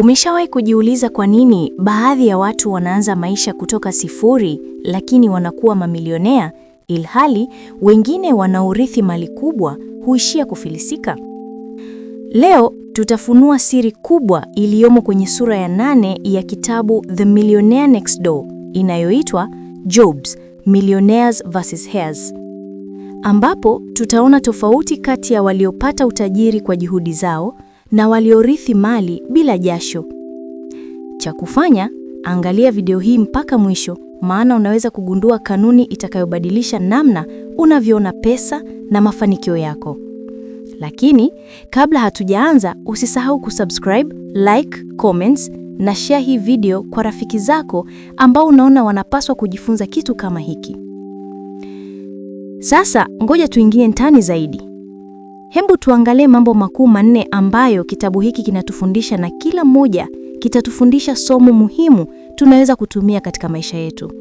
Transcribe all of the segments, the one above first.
Umeshawahi kujiuliza kwa nini baadhi ya watu wanaanza maisha kutoka sifuri lakini wanakuwa mamilionea, ilhali wengine wanaurithi mali kubwa huishia kufilisika? Leo tutafunua siri kubwa iliyomo kwenye sura ya nane ya kitabu The Millionaire Next Door inayoitwa Jobs Millionaires vs Heirs, ambapo tutaona tofauti kati ya waliopata utajiri kwa juhudi zao na waliorithi mali bila jasho. Cha kufanya, angalia video hii mpaka mwisho, maana unaweza kugundua kanuni itakayobadilisha namna unavyoona pesa na mafanikio yako. Lakini kabla hatujaanza, usisahau kusubscribe, like, comments na share hii video kwa rafiki zako ambao unaona wanapaswa kujifunza kitu kama hiki. Sasa ngoja tuingie ndani zaidi. Hebu tuangalie mambo makuu manne ambayo kitabu hiki kinatufundisha na kila moja kitatufundisha somo muhimu tunaweza kutumia katika maisha yetu.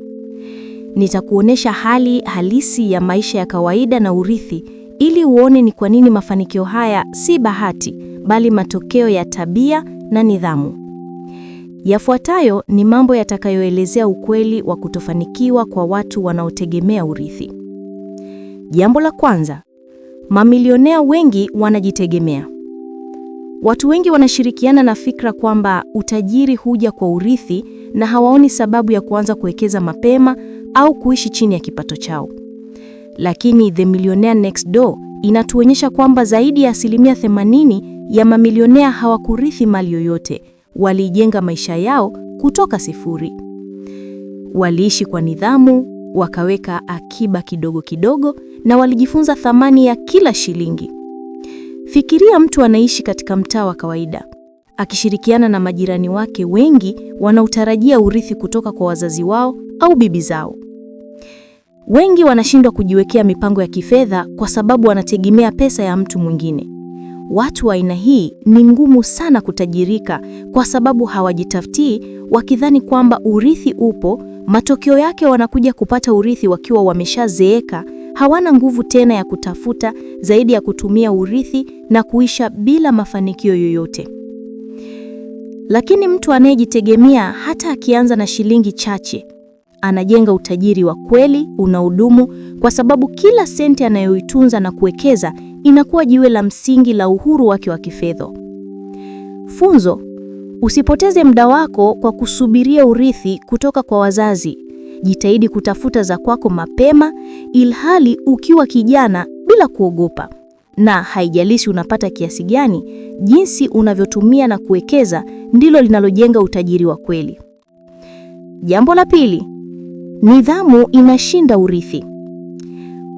Nitakuonesha hali halisi ya maisha ya kawaida na urithi ili uone ni kwa nini mafanikio haya si bahati bali matokeo ya tabia na nidhamu. Yafuatayo ni mambo yatakayoelezea ukweli wa kutofanikiwa kwa watu wanaotegemea urithi. Jambo la kwanza, Mamilionea wengi wanajitegemea. Watu wengi wanashirikiana na fikra kwamba utajiri huja kwa urithi na hawaoni sababu ya kuanza kuwekeza mapema au kuishi chini ya kipato chao. Lakini The Millionaire Next Door inatuonyesha kwamba zaidi ya asilimia 80 ya mamilionea hawakurithi mali yoyote, walijenga maisha yao kutoka sifuri. Waliishi kwa nidhamu, wakaweka akiba kidogo kidogo na walijifunza thamani ya kila shilingi. Fikiria mtu anaishi katika mtaa wa kawaida akishirikiana na majirani wake wengi wanaotarajia urithi kutoka kwa wazazi wao au bibi zao. Wengi wanashindwa kujiwekea mipango ya kifedha kwa sababu wanategemea pesa ya mtu mwingine. Watu wa aina hii ni ngumu sana kutajirika kwa sababu hawajitafutii, wakidhani kwamba urithi upo, matokeo yake wanakuja kupata urithi wakiwa wameshazeeka hawana nguvu tena ya kutafuta zaidi ya kutumia urithi na kuisha bila mafanikio yoyote. Lakini mtu anayejitegemea hata akianza na shilingi chache, anajenga utajiri wa kweli unaodumu, kwa sababu kila senti anayoitunza na kuwekeza inakuwa jiwe la msingi la uhuru wake wa kifedha. Funzo: usipoteze muda wako kwa kusubiria urithi kutoka kwa wazazi, Jitahidi kutafuta za kwako mapema, ilhali ukiwa kijana, bila kuogopa. Na haijalishi unapata kiasi gani, jinsi unavyotumia na kuwekeza ndilo linalojenga utajiri wa kweli. Jambo la pili, nidhamu inashinda urithi.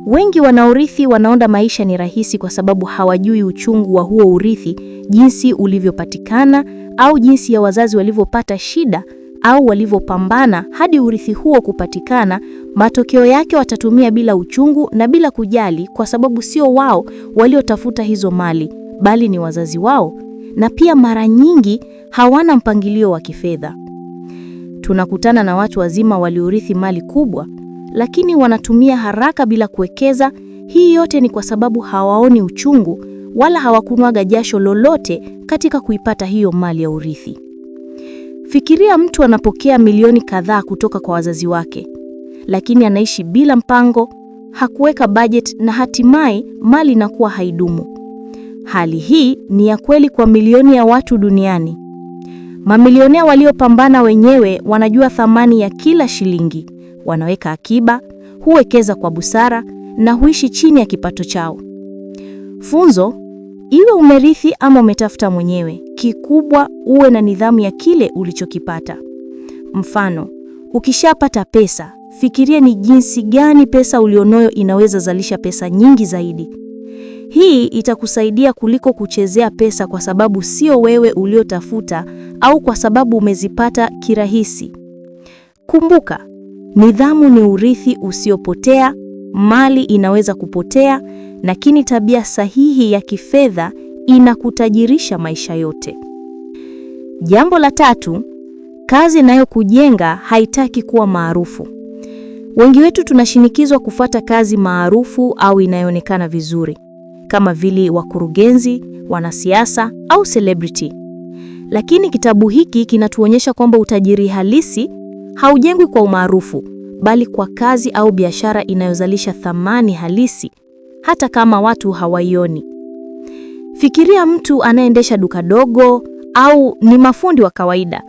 Wengi wanaorithi wanaonda maisha ni rahisi kwa sababu hawajui uchungu wa huo urithi, jinsi ulivyopatikana au jinsi ya wazazi walivyopata shida au walivyopambana hadi urithi huo kupatikana, matokeo yake watatumia bila uchungu na bila kujali, kwa sababu sio wao waliotafuta hizo mali, bali ni wazazi wao, na pia mara nyingi hawana mpangilio wa kifedha. Tunakutana na watu wazima waliorithi mali kubwa, lakini wanatumia haraka bila kuwekeza. Hii yote ni kwa sababu hawaoni uchungu wala hawakunwaga jasho lolote katika kuipata hiyo mali ya urithi. Fikiria mtu anapokea milioni kadhaa kutoka kwa wazazi wake, lakini anaishi bila mpango, hakuweka budget na hatimaye mali inakuwa haidumu. Hali hii ni ya kweli kwa milioni ya watu duniani. Mamilionea waliopambana wenyewe wanajua thamani ya kila shilingi, wanaweka akiba, huwekeza kwa busara na huishi chini ya kipato chao. Funzo: iwe umerithi ama umetafuta mwenyewe, kikubwa uwe na nidhamu ya kile ulichokipata. Mfano, ukishapata pesa, fikiria ni jinsi gani pesa ulionayo inaweza zalisha pesa nyingi zaidi. Hii itakusaidia kuliko kuchezea pesa kwa sababu sio wewe uliotafuta au kwa sababu umezipata kirahisi. Kumbuka, nidhamu ni urithi usiopotea. Mali inaweza kupotea, lakini tabia sahihi ya kifedha inakutajirisha maisha yote. Jambo la tatu, kazi inayokujenga haitaki kuwa maarufu. Wengi wetu tunashinikizwa kufata kazi maarufu au inayoonekana vizuri kama vile wakurugenzi, wanasiasa au celebrity. Lakini kitabu hiki kinatuonyesha kwamba utajiri halisi haujengwi kwa umaarufu, bali kwa kazi au biashara inayozalisha thamani halisi hata kama watu hawaioni. Fikiria mtu anayeendesha duka dogo au ni mafundi wa kawaida,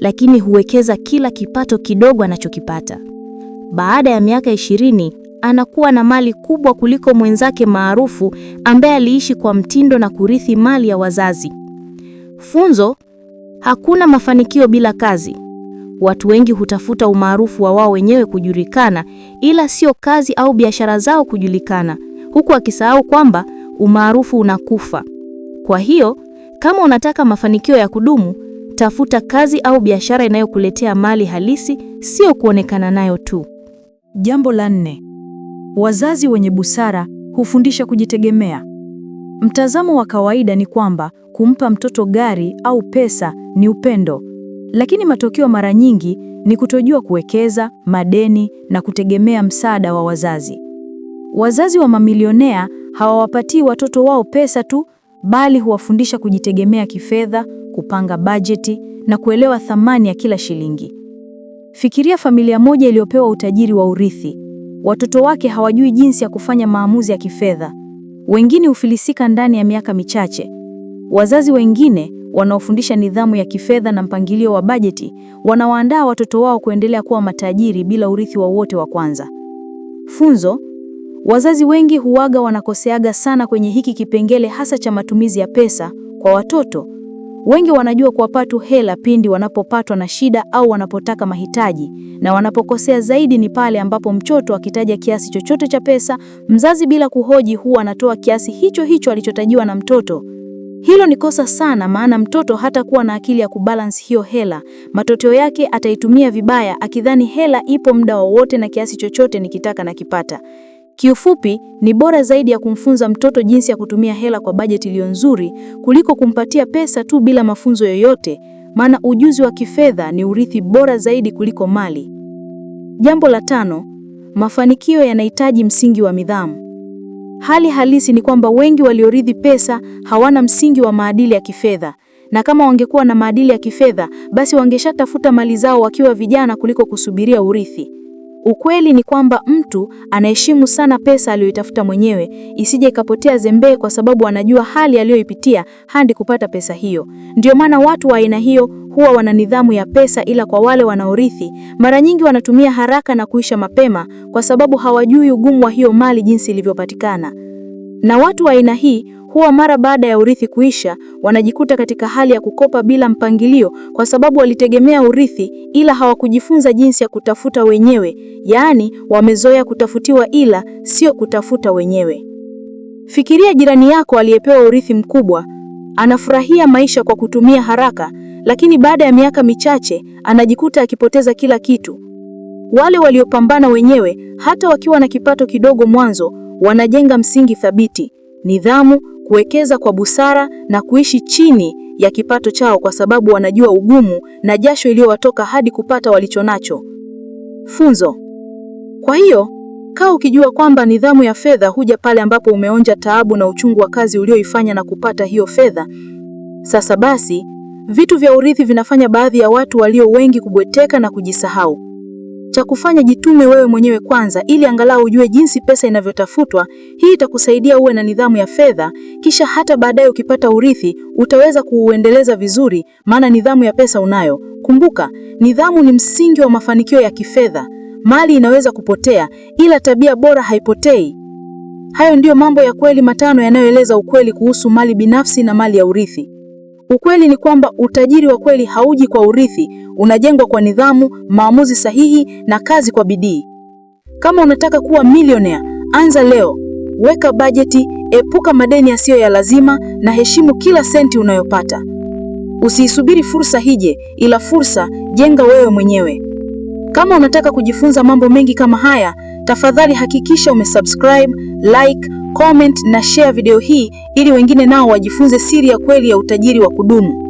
lakini huwekeza kila kipato kidogo anachokipata. Baada ya miaka ishirini anakuwa na mali kubwa kuliko mwenzake maarufu ambaye aliishi kwa mtindo na kurithi mali ya wazazi. Funzo: hakuna mafanikio bila kazi. Watu wengi hutafuta umaarufu wa wao wenyewe kujulikana, ila sio kazi au biashara zao kujulikana, huku akisahau kwamba umaarufu unakufa. Kwa hiyo kama unataka mafanikio ya kudumu, tafuta kazi au biashara inayokuletea mali halisi, sio kuonekana nayo tu. Jambo la nne, wazazi wenye busara hufundisha kujitegemea. Mtazamo wa kawaida ni kwamba kumpa mtoto gari au pesa ni upendo, lakini matokeo mara nyingi ni kutojua kuwekeza, madeni na kutegemea msaada wa wazazi. Wazazi wa mamilionea hawawapatii watoto wao pesa tu, bali huwafundisha kujitegemea kifedha, kupanga bajeti na kuelewa thamani ya kila shilingi. Fikiria familia moja iliyopewa utajiri wa urithi. Watoto wake hawajui jinsi ya kufanya maamuzi ya kifedha. Wengine hufilisika ndani ya miaka michache. Wazazi wengine wanaofundisha nidhamu ya kifedha na mpangilio wa bajeti wanawaandaa watoto wao kuendelea kuwa matajiri bila urithi wowote wa, wa kwanza. Funzo: Wazazi wengi huwaga wanakoseaga sana kwenye hiki kipengele hasa cha matumizi ya pesa kwa watoto. Wengi wanajua kuwapa tu hela pindi wanapopatwa na shida au wanapotaka mahitaji, na wanapokosea zaidi ni pale ambapo mtoto akitaja kiasi chochote cha pesa, mzazi bila kuhoji huwa anatoa kiasi hicho hicho alichotajiwa na mtoto. Hilo ni kosa sana, maana mtoto hatakuwa na akili ya kubalance hiyo hela. Matokeo yake ataitumia vibaya, akidhani hela ipo muda wowote na kiasi chochote nikitaka nakipata. Kiufupi, ni bora zaidi ya kumfunza mtoto jinsi ya kutumia hela kwa bajeti iliyo nzuri kuliko kumpatia pesa tu bila mafunzo yoyote, maana ujuzi wa kifedha ni urithi bora zaidi kuliko mali. Jambo la tano, mafanikio yanahitaji msingi wa nidhamu. Hali halisi ni kwamba wengi waliorithi pesa hawana msingi wa maadili ya kifedha, na kama wangekuwa na maadili ya kifedha, basi wangeshatafuta mali zao wakiwa vijana kuliko kusubiria urithi. Ukweli ni kwamba mtu anaheshimu sana pesa aliyoitafuta mwenyewe, isije ikapotea zembee, kwa sababu anajua hali aliyoipitia hadi kupata pesa hiyo. Ndio maana watu wa aina hiyo huwa wana nidhamu ya pesa, ila kwa wale wanaorithi, mara nyingi wanatumia haraka na kuisha mapema, kwa sababu hawajui ugumu wa hiyo mali jinsi ilivyopatikana. Na watu wa aina hii huwa mara baada ya urithi kuisha wanajikuta katika hali ya kukopa bila mpangilio, kwa sababu walitegemea urithi ila hawakujifunza jinsi ya kutafuta wenyewe, yaani wamezoea kutafutiwa ila sio kutafuta wenyewe. Fikiria jirani yako aliyepewa urithi mkubwa, anafurahia maisha kwa kutumia haraka, lakini baada ya miaka michache anajikuta akipoteza kila kitu. Wale waliopambana wenyewe, hata wakiwa na kipato kidogo mwanzo, wanajenga msingi thabiti, nidhamu kuwekeza kwa busara na kuishi chini ya kipato chao kwa sababu wanajua ugumu na jasho iliyowatoka hadi kupata walichonacho. Funzo. Kwa hiyo, kaa ukijua kwamba nidhamu ya fedha huja pale ambapo umeonja taabu na uchungu wa kazi ulioifanya na kupata hiyo fedha. Sasa basi, vitu vya urithi vinafanya baadhi ya watu walio wengi kubweteka na kujisahau. Cha kufanya jitume wewe mwenyewe kwanza, ili angalau ujue jinsi pesa inavyotafutwa. Hii itakusaidia uwe na nidhamu ya fedha, kisha hata baadaye ukipata urithi utaweza kuuendeleza vizuri, maana nidhamu ya pesa unayo. Kumbuka, nidhamu ni msingi wa mafanikio ya kifedha. Mali inaweza kupotea, ila tabia bora haipotei. Hayo ndiyo mambo ya kweli matano yanayoeleza ukweli kuhusu mali binafsi na mali ya urithi. Ukweli ni kwamba utajiri wa kweli hauji kwa urithi, unajengwa kwa nidhamu, maamuzi sahihi na kazi kwa bidii. Kama unataka kuwa millionaire, anza leo. Weka bajeti, epuka madeni yasiyo ya lazima na heshimu kila senti unayopata. Usiisubiri fursa hije, ila fursa jenga wewe mwenyewe. Kama unataka kujifunza mambo mengi kama haya, tafadhali hakikisha umesubscribe, like comment na share video hii ili wengine nao wajifunze siri ya kweli ya utajiri wa kudumu.